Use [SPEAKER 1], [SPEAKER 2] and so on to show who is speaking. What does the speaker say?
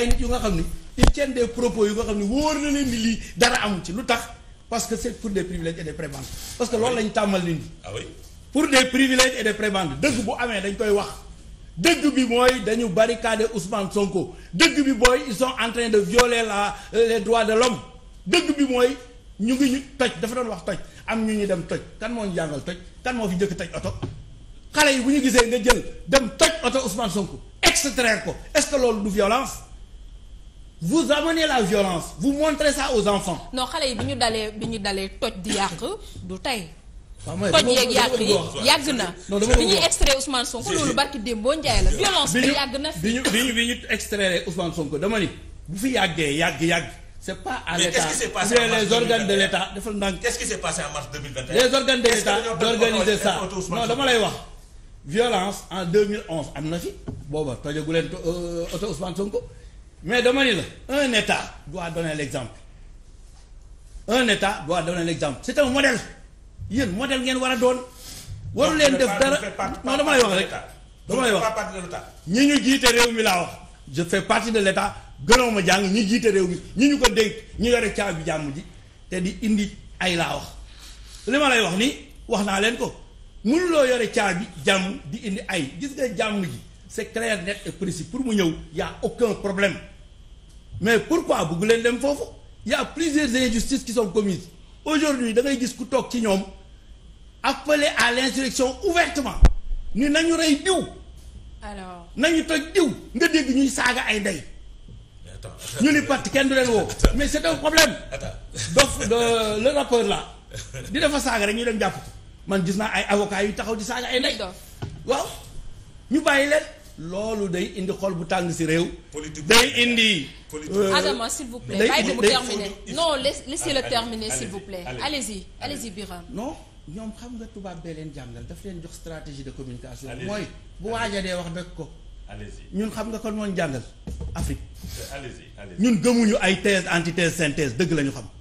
[SPEAKER 1] ay nit yu nga xam ni ils tiennent des propos yu nga xam ni wóor na leen ni lii dara amu ci lu tax parce que c'est pour des privilèges et des prébendes parce que loolu lañ tàmmal nit ah pour des privilèges et des prébendes dëgg bu amee dañ koy wax dëgg bi mooy dañu barricader Ousmane Sonko dëgg bi mooy ils sont en de violer la les droits de l'homme dëgg bi mooy ñu ngi ñu toj dafa doon wax toj am ñu ñu dem toj kan moo ñu jàngal toj kan moo fi njëkk toj oto xale yi bu ñu gisee nga jël dem toj oto Ousmane Sonko extraire ko vous amenez la violence vous montrez ça aux enfants.
[SPEAKER 2] non xale yi bi ñu dalee bi ñu dalee toj di yàq du tey.
[SPEAKER 1] waaw ah, mooy toj yeeg yàq yi yàgg
[SPEAKER 2] na. non dama bi ñuy extrait Ousmane Sonko loolu barki Demba Ndiaye la violence yàgg na.
[SPEAKER 1] bi ñu bi ñu bi ñu extrait Ousmane Sonko dama ni bu fi yàggee yàgg yàgg. c'est pas à l'État mais les organes de l'État defal ndànk. en les organes de l'État d'organiser ça non dama lay wax. violence en am na fi booba tojagu leen auto euh, Ousmane Sonko. mais dama ni la un État doit donner l'exemple un État doit donner l'exemple c'est un modèle yéen modèle ngeen war a doon. waru leen def dara non dama lay wax rek. dama lay wax ñi ñu jiite réew mi laa wax. je fais partie de l'État gënoon ma jàng ñi jiite réew mi ñu ñu ko dégg ñu yore caabi jàmm ji te di indi ay laa wax li ma lay wax nii wax naa leen ko mënuloo yore caabi jàmm di indi ay gis nga jàmm ji c'est clair net et yi pour mu ñëw y a aucun problème. mais pourquoi bëggu leen dem foofu y a plusieurs injustices qui sont commises aujourd'hui da ngay gis ku toog ci ñoom appelé à l'insurrection ouvertement ni nañu rey diw nañu toj diw nga dégg ñuy saaga ay ndey ñu ni parti kenn du leen woo mais c'est un problème dof de euh, le rappeur là di dafa saaga rek ñu dem jàpp man gis naa ay avocats yu taxaw di saaga ay ndey waaw ñu bàyyi leen loolu day indi xol bu tàng si réew. day indi. Euh, Adama s'il vous plaît. bàyyi mu terminer
[SPEAKER 2] non laissez-le terminer s'il vous plaît. allez-y allez-y Birame. non ñoom xam nga tubaab
[SPEAKER 1] bee leen jàngal daf leen jox stratégie de communication. mooy bu waaja dee wax dëgg ko. ñun xam nga ko moo jàngal Afrique. ñun gëmuñu ay thèse antithèse synthèse dëgg la ñu xam.